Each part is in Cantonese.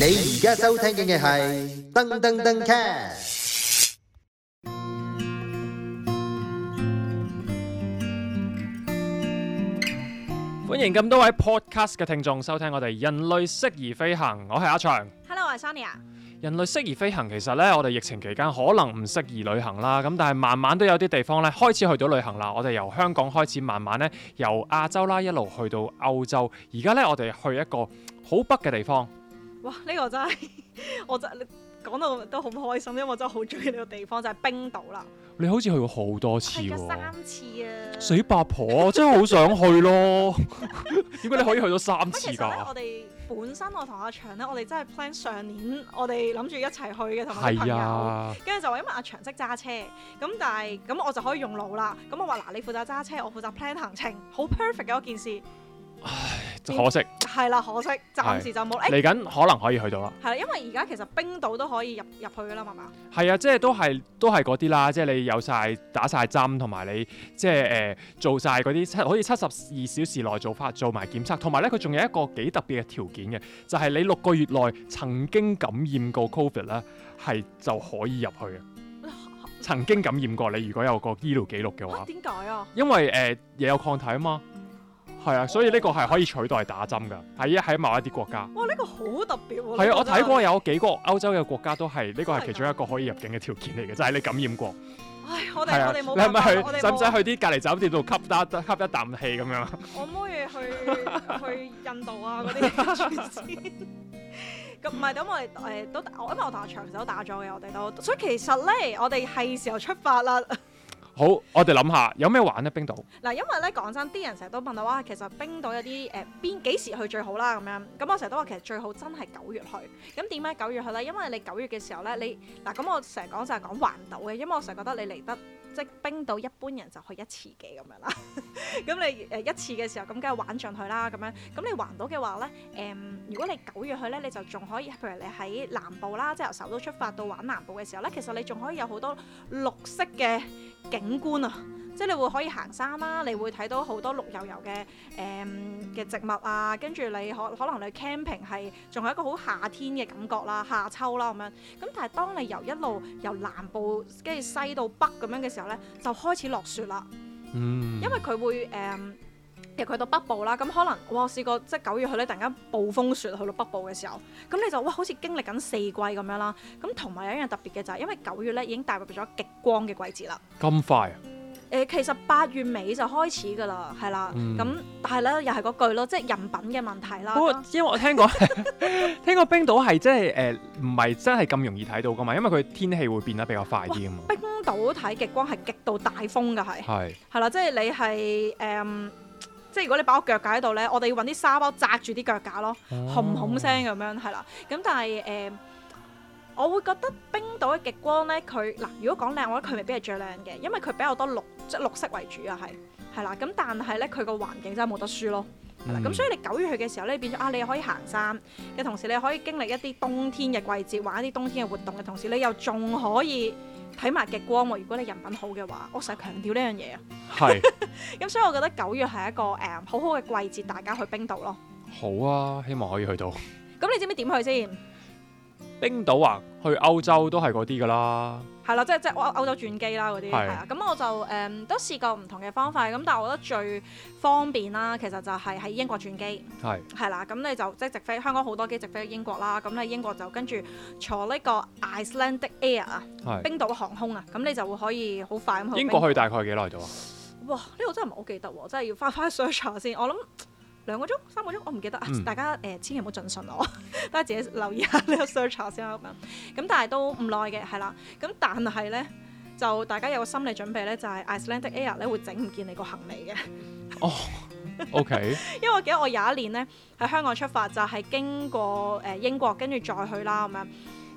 你而家收聽嘅係登登登 cast，歡迎咁多位 podcast 嘅聽眾收聽我哋人類適宜飛行。我係阿祥，Hello，我係 Sonya。人類適宜飛行其實呢，我哋疫情期間可能唔適宜旅行啦。咁但係慢慢都有啲地方呢開始去到旅行啦。我哋由香港開始，慢慢呢由亞洲啦一路去到歐洲。而家呢，我哋去一個好北嘅地方。呢、這個真係，我真係你講到都好開心，因為我真係好中意呢個地方，就係、是、冰島啦。你好似去過好多次喎，三次啊！死八婆， 我真係好想去咯。點解 你可以去咗三次㗎？其實呢，我哋本身我同阿祥咧，我哋真係 plan 上年，我哋諗住一齊去嘅，同埋啲朋友跟住、啊、就話，因為阿祥識揸車，咁但係咁我就可以用腦啦。咁我話嗱，你負責揸車，我負責 plan 行程，好 perfect 嘅一件事。唉可惜，係啦對，可惜暫時就冇嚟緊，是欸、可能可以去到啦。係啦，因為而家其實冰島都可以入入去㗎、啊就是、啦，係嘛？係啊，即係都係都係嗰啲啦，即係你有晒打晒針，同埋你即係誒做晒嗰啲七可以七十二小時內做返做埋檢測，同埋咧佢仲有一個幾特別嘅條件嘅，就係、是、你六個月內曾經感染過 COVID 咧，係就可以入去。 曾經感染過你，如果有個醫療記錄嘅話，點解啊？為因為誒，也、呃、有，有抗體啊嘛。係啊，所以呢個係可以取代打針㗎，啊，喺某一啲國家。哇，呢、這個好特別喎！係啊，啊我睇過有幾個歐洲嘅國家都係呢個係其中一個可以入境嘅條件嚟嘅，就係、是、你感染過。唉、哎，我哋、啊、我哋冇。使唔使去？啲隔離酒店度吸，吸一一啖氣咁樣？我可以去去印度啊嗰啲。咁唔係，咁我哋誒都我因為我同阿長手打咗嘅，我哋都所以其實咧，我哋係時候出發啦。好，我哋諗下有咩玩呢？冰島。嗱，因為咧講真，啲人成日都問到話，其實冰島有啲誒邊幾時去最好啦咁樣。咁我成日都話其實最好真係九月去。咁點解九月去咧？因為你九月嘅時候咧，你嗱咁、啊、我成日講就係講環島嘅，因為我成日覺得你嚟得。即冰島一般人就去一次嘅咁樣啦，咁 你誒一次嘅時候，咁梗係玩進去啦，咁樣，咁你玩到嘅話咧，誒、嗯，如果你九月去咧，你就仲可以，譬如你喺南部啦，即由首都出發到玩南部嘅時候咧，其實你仲可以有好多綠色嘅景觀啊！即係你會可以行山啦，啊，你會睇到好多綠油油嘅誒嘅植物啊，跟住你可可能你 camping 係仲係一個好夏天嘅感覺啦，夏秋啦咁樣。咁但係當你由一路由南部跟住西到北咁樣嘅時候咧，就開始落雪啦。嗯、因為佢會誒，尤其是去到北部啦，咁可能我試過即係九月去咧，突然間暴風雪去到北部嘅時候，咁你就哇好似經歷緊四季咁樣啦。咁同埋有一樣特別嘅就係、是，因為九月咧已經踏入咗極光嘅季節啦。咁快啊！誒其實八月尾就開始噶啦，係啦，咁、嗯、但係咧又係嗰句咯，即係人品嘅問題啦。不過、哦、因為我聽過 聽過冰島係即係誒唔係真係咁、呃、容易睇到噶嘛，因為佢天氣會變得比較快啲啊嘛。冰島睇極光係極度大風嘅係係係啦，即係你係誒、呃，即係如果你擺個腳架喺度咧，我哋要揾啲沙包紮住啲腳架咯，轟轟、哦、聲咁樣係啦。咁但係誒、呃，我會覺得冰島嘅極光咧，佢嗱如果講靚，我覺得佢未必係最靚嘅，因為佢比較多綠。即綠色為主啊，係係啦，咁但係咧，佢個環境真係冇得輸咯。咁、嗯、所以你九月去嘅時候咧，你變咗啊，你可以行山嘅同時，你可以經歷一啲冬天嘅季節，玩一啲冬天嘅活動嘅同時，你又仲可以睇埋極光喎。如果你人品好嘅話，我成日強調呢樣嘢啊。係是。咁 所以我覺得九月係一個誒、um，好好嘅季節，大家去冰島咯。好啊，希望可以去到。咁 你知唔知點去先？冰島啊，去歐洲都係嗰啲㗎啦，係啦，即係即係歐，歐洲轉機啦嗰啲，係啊，咁的我就誒、嗯、都試過唔同嘅方法，咁但係我覺得最方便啦，其實就係喺英國轉機，係係啦，咁你就即係直飛香港好多機直飛英國啦，咁你英國就跟住坐呢個 Icelandair 啊的，冰島航空啊，咁你就會可以好快咁去。英國去大概幾耐到啊？哇！呢個真係唔係好記得喎，真係要翻翻 search 先，我諗。兩個鐘、三個鐘，我唔記得啊！嗯、大家誒、呃，千祈唔好盡信我，大家自己留意下呢個 search 先啦咁樣。咁但係都唔耐嘅，係啦。咁但係咧，就大家有個心理準備咧，就係 Iceland Air 咧會整唔見你個行李嘅。哦、oh，OK。 因為我記得我有一年咧喺香港出發，就係經過誒英國，跟住再去啦咁樣。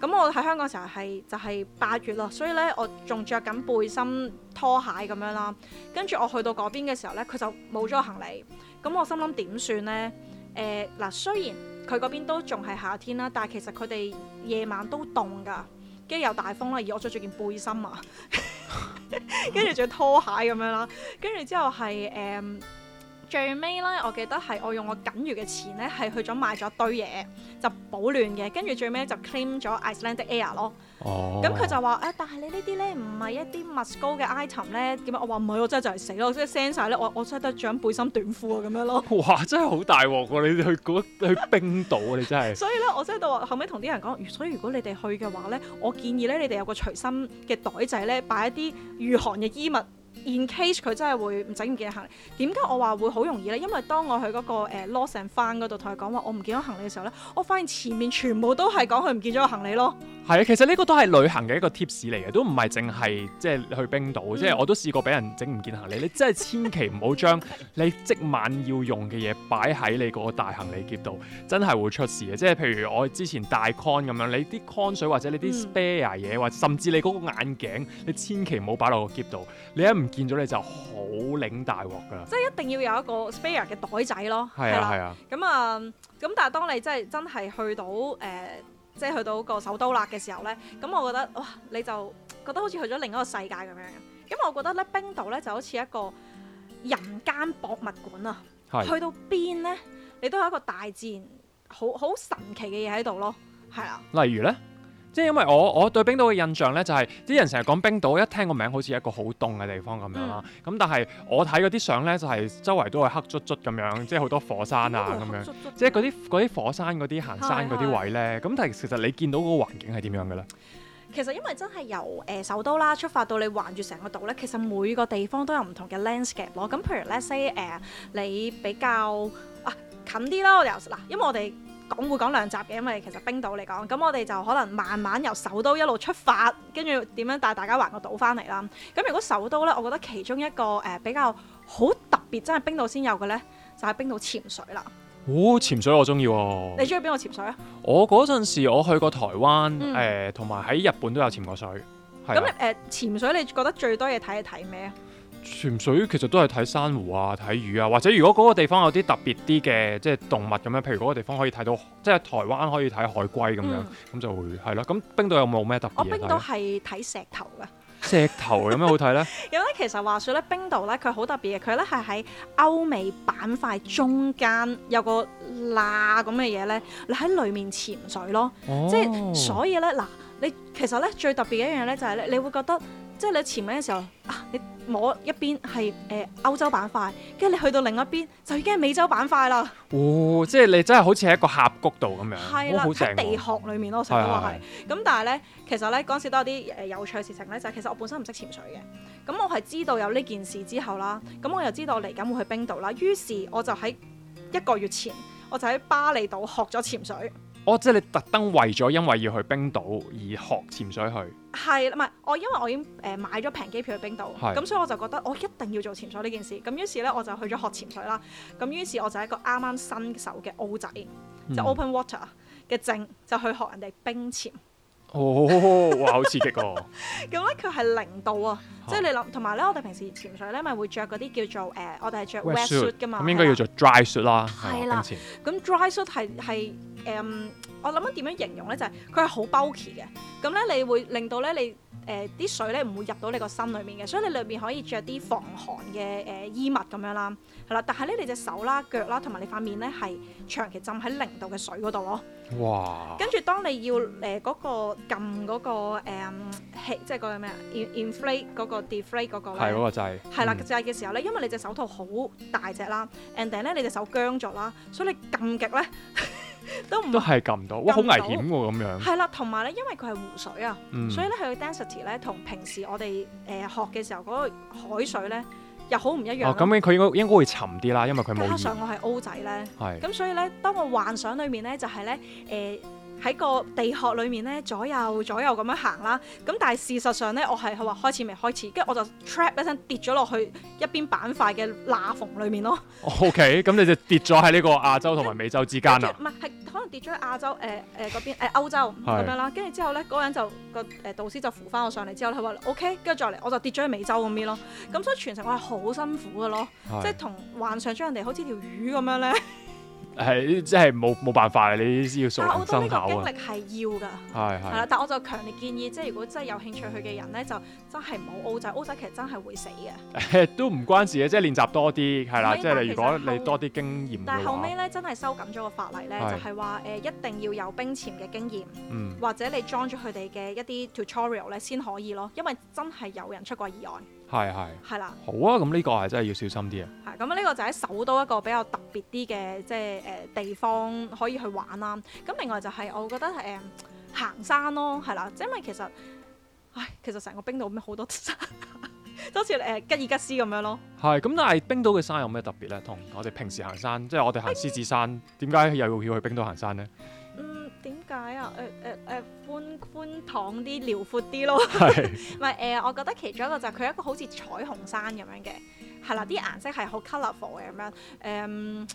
咁我喺香港嘅時候係就係八月咯，所以咧我仲着緊背心拖鞋咁樣啦。跟住我去到嗰邊嘅時候咧，佢就冇咗行李。嗯咁我心諗點算呢？誒、呃、嗱，雖然佢嗰邊都仲係夏天啦，但係其實佢哋夜晚都凍㗎，跟住有大風啦，而、欸、我着住件背心啊，跟住着拖鞋咁樣啦，跟住之後係誒。嗯最尾咧，我記得係我用我緊餘嘅錢咧，係去咗買咗一堆嘢，就保暖嘅。跟住最尾就 claim 咗 i c e l a n d air 咯。哦。咁佢就話，誒、欸，但係你呢啲咧唔係一啲 m s 物高嘅 item 咧，點啊？我話唔係，我真係就係死咯，即係 send 曬咧，我真我真係得著背心短褲啊咁樣咯。哇！真係好大鑊喎，你去嗰去冰島啊， 你真係。所以咧，我真係到後尾同啲人講，所以如果你哋去嘅話咧，我建議咧，你哋有個隨身嘅袋仔咧，擺一啲御寒嘅衣物。In case 佢真係會唔整唔見行李。點解我話會好容易咧？因為當我去嗰、那個誒、呃、lost and found 度同佢講話，我唔見咗行李嘅時候咧，我發現前面全部都係講佢唔見咗個行李咯。係啊，其實呢個都係旅行嘅一個 tips 嚟嘅，都唔係淨係即係去冰島，嗯、即係我都試過俾人整唔見行李。你真係千祈唔好將你即晚要用嘅嘢擺喺你個大行李喼度，真係會出事嘅。即係譬如我之前戴 con 咁樣，你啲 con 水或者你啲 spare 嘢，或、嗯、甚至你嗰個眼鏡，你千祈唔好擺落個喼度，你一唔見咗你就好領大鑊噶啦，即係一定要有一個 spare、er、嘅袋仔咯，係啊係啊。咁啊，咁、啊嗯、但係當你即係真係去到誒、呃，即係去到個首都啦嘅時候咧，咁我覺得哇，你就覺得好似去咗另一個世界咁樣嘅。因為我覺得咧，冰島咧就好似一個人間博物館啊，啊去到邊咧，你都有一個大自然好好神奇嘅嘢喺度咯，係啊。例如咧？即係因為我我對冰島嘅印象咧，就係、是、啲人成日講冰島，一聽個名好似一個好凍嘅地方咁樣啦。咁、嗯、但係我睇嗰啲相咧，就係、是、周圍都係黑卒卒咁樣，即係好多火山啊咁樣，漆漆即係嗰啲啲火山嗰啲行山嗰啲位咧。咁是但係其實你見到嗰個環境係點樣嘅咧？其實因為真係由誒、呃、首都啦出發到你環住成個島咧，其實每個地方都有唔同嘅 landscape 咯。咁譬如咧，say 誒你比較、啊、近啲啦，嗱，因為我哋。講會講兩集嘅，因為其實冰島嚟講，咁我哋就可能慢慢由首都一路出發，跟住點樣帶大家環個島翻嚟啦。咁如果首都呢，我覺得其中一個誒、呃、比較好特別，真係冰島先有嘅呢，就係、是、冰島潛水啦。哦，潛水我中意喎。你中意邊個潛水啊？我嗰陣時我去過台灣誒，同埋喺日本都有潛過水。咁你、呃、潛水，你覺得最多嘢睇係睇咩啊？潛水其實都係睇珊瑚啊，睇魚啊，或者如果嗰個地方有啲特別啲嘅，即係動物咁樣，譬如嗰個地方可以睇到，即係台灣可以睇海龜咁樣，咁、嗯、就會係啦。咁冰島有冇咩特別？我冰島係睇石頭噶。 石頭有咩好睇咧？有咧，其實話說咧，冰島咧佢好特別嘅，佢咧係喺歐美板塊中間有個罅咁嘅嘢咧，你喺裏面潛水咯，即係、哦、所以咧嗱，你其實咧最特別嘅一樣嘢咧就係咧，你會覺得即係你潛水嘅時候啊，你摸一邊係誒、呃、歐洲板塊，跟住你去到另一邊就已經係美洲板塊啦。哦，即係你真係好似喺一個峽谷度咁樣，喺、哦啊、地殼裡面咯，成日都話係。咁、哎哎哎嗯、但係咧，其實咧嗰陣時都有啲誒有趣嘅事情咧，就係、是、其實我本身唔識潛水嘅。咁、嗯、我係知道有呢件事之後啦，咁、嗯、我又知道我嚟緊會去冰島啦，於是我就喺一個月前，我就喺巴厘島學咗潛水。哦，即係你特登為咗因為要去冰島而學潛水去。係，唔係我因為我已經誒買咗平機票去冰島，咁是所以我就覺得我一定要做潛水呢件事。咁於是咧，我就去咗學潛水啦。咁於是我就係一個啱啱新手嘅 O 仔，即、嗯、open water 嘅證，就去學人哋冰潛。哦，哇，好刺激啊！咁咧佢係零度啊，即係你諗，同埋咧，我哋平時潛水咧咪會着嗰啲叫做誒、呃，我哋係着 wet suit 嘅 et 嘛，咁應該叫做 dry suit 啦。係啦，咁 dry suit 係係。誒，我諗緊點樣形容咧？就係佢係好 bulky 嘅，咁咧你會令到咧你誒啲水咧唔會入到你個身裡面嘅，所以你裏面可以著啲防寒嘅誒衣物咁樣啦，係啦。但係咧你隻手啦、腳啦同埋你塊面咧係長期浸喺零度嘅水嗰度咯。哇！跟住當你要誒嗰個撳嗰個誒，即係嗰個咩啊？In inflate 嗰個 deflate 嗰個咧係嗰個掣，係啦，掣嘅時候咧，因為你隻手套好大隻啦，and then 咧你隻手僵咗啦，所以你撳極咧，都唔都係撳唔到，哇！好危險喎，咁樣。係啦，同埋咧，因為佢係湖水啊，嗯、所以咧佢嘅 density 咧同平時我哋誒學嘅時候嗰個海水咧又好唔一樣，啊。咁樣佢應該應該會沉啲啦，因為佢冇。加上我係 O 仔咧，咁是 所以咧，當我幻想裏面咧就係咧誒喺個地殼裏面咧左右左右咁樣行啦，啊。咁但係事實上咧，我係話開始未開始，跟住我就 trap 一聲跌咗落去一邊板塊嘅罅縫裏面咯。O K，咁你就跌咗喺呢個亞洲同埋美洲之間啦。 啊，唔係，係跌咗去亞洲，誒誒嗰邊，誒、欸、歐洲咁是樣啦，跟住之後咧，嗰個人就、個誒導師就扶翻我上嚟之後，佢話 OK，跟住再嚟，我就跌咗去美洲咁樣咯，咁所以全程我係好辛苦嘅咯，是即係同幻想將人哋好似條魚咁樣咧。 係，即係冇冇辦法嘅，你要熟練我覺得呢個經歷係要㗎，係係啦。但我就強烈建議，即係如果真係有興趣去嘅人咧，就真係唔好澳仔，澳仔其實真係會死嘅。 都唔關事嘅，即係練習多啲係啦。的即係如果你，你多啲經驗嘅話，但後尾咧真係收緊咗個法例咧，的就係話誒一定要有冰潛嘅經驗，嗯、或者你裝咗佢哋嘅一啲 tutorial 咧先可以咯，因為真係有人出過意外。係係。係啦。的好啊，咁呢個係真係要小心啲啊。係，咁呢個就喺首都一個比較特別啲嘅，即係誒地方可以去玩啦，啊。咁另外就係、是，我覺得誒、呃、行山咯，係啦，因為其實，唉，其實成個冰島好多山，好似誒吉爾吉斯咁樣咯。係，咁但係冰島嘅山有咩特別咧？同我哋平時行山，即、就、係、是，我哋行獅子山，點解唉又要要去冰島行山咧？嗯，點解啊？誒誒誒。呃呃寬敞啲、遼闊啲咯，唔係、 呃、我覺得其中一個就係、是、佢一個好似彩虹山咁樣嘅，係啦，啲顏色係好 colourful 嘅咁樣，誒、嗯。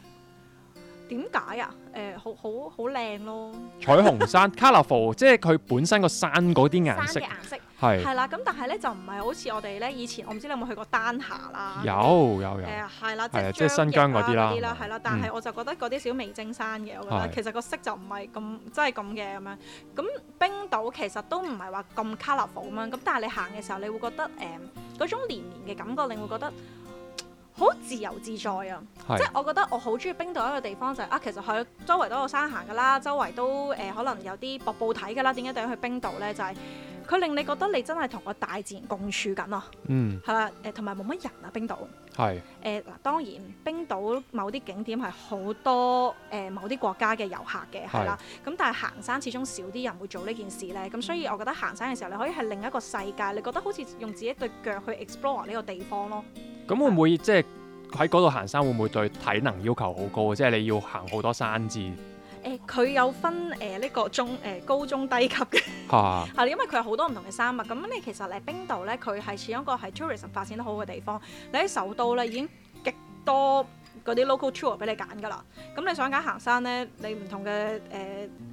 點解呀？誒、呃，好好好靚咯！彩虹山 colorful 即係佢本身個山嗰啲顏色。山嘅顏色係。係啦，咁但係咧就唔係好似我哋咧以前，我唔知你有冇去過丹霞啦。有有有。誒係、呃、啦，即係新疆嗰啲啦。係、啊、啦，啦但係我就覺得嗰啲小微精山嘅，嗯、我覺得其實個色就唔係咁，即係咁嘅咁樣。咁冰島其實都唔係話咁 colorful 咁樣，咁但係你行嘅時候，你會覺得誒嗰種連綿嘅感覺，你會覺得。嗯好自由自在啊！是即係我覺得我好中意冰島一個地方就係、是、啊，其實佢周圍都有山行㗎啦，周圍都誒、呃、可能有啲瀑布睇㗎啦。點解點樣去冰島呢？就係、是、佢令你覺得你真係同個大自然共處緊咯、啊。嗯，係啦、啊，同埋冇乜人啊，冰島。係誒嗱，當然冰島某啲景點係好多誒、呃、某啲國家嘅遊客嘅係啦。咁、啊、是但係行山始終少啲人會做呢件事呢。咁所以我覺得行山嘅時候你可以係另一個世界，你覺得好似用自己對腳去 explore 呢個地方咯。咁會唔會即係喺嗰度行山會唔會對體能要求好高？即係、就是、你要行好多山字。誒、欸，佢有分誒呢、呃這個中誒、呃、高中低級嘅。嚇、啊！係因為佢有好多唔同嘅山啊嘛。咁、嗯、你其實嚟冰島咧，佢係始終一個係 tourist 發展得好嘅地方。你喺首都咧已經極多。嗰啲 local tour 俾你揀㗎喇，咁你想揀行山咧，你唔同嘅誒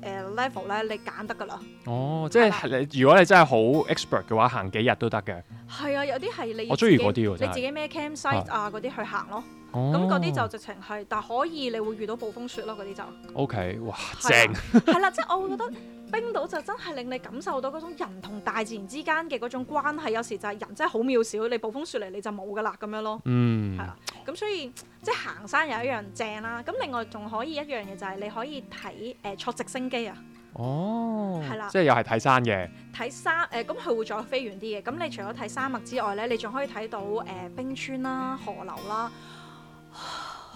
誒 level 咧，你揀得㗎喇。哦，即係你如果你真係好 expert 嘅話，行幾日都得嘅。係啊，有啲係你我鍾意嗰啲喎，你自己咩 campsite 啊嗰啲、啊、去行咯。咁嗰啲就直情係，但係可以你會遇到暴風雪咯，嗰啲就。OK，哇，正。係啦、啊 啊，即係我會覺得。冰島就真係令你感受到嗰種人同大自然之間嘅嗰種關係，有時就係人真係好渺小，你暴風雪嚟你就冇噶啦咁樣咯。嗯，係啦、啊。咁所以即係行山又一樣正啦、啊。咁另外仲可以一樣嘢就係你可以睇誒坐直升機啊。哦，係啦、啊，即係又係睇山嘅。睇山誒，咁、呃、佢會再飛遠啲嘅。咁你除咗睇山脈之外咧，你仲可以睇到誒、呃、冰川啦、啊、河流啦、啊。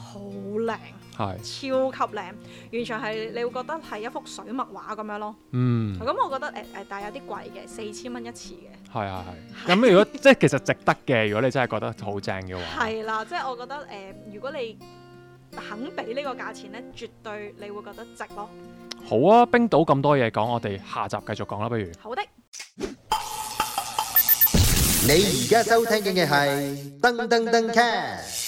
好靚，係是超級靚，完全係你會覺得係一幅水墨畫咁樣咯。嗯、咁、嗯、我覺得誒誒、呃，但係有啲貴嘅，四千蚊一次嘅。係係係。咁 如果即係其實值得嘅，如果你真係覺得好正嘅話，係啦，即、就、係、是、我覺得誒、呃，如果你肯俾呢個價錢咧，絕對你會覺得值咯。好啊，冰島咁多嘢講，我哋下集繼續講啦，不如？好的。你而家收聽緊嘅係登登登 cast。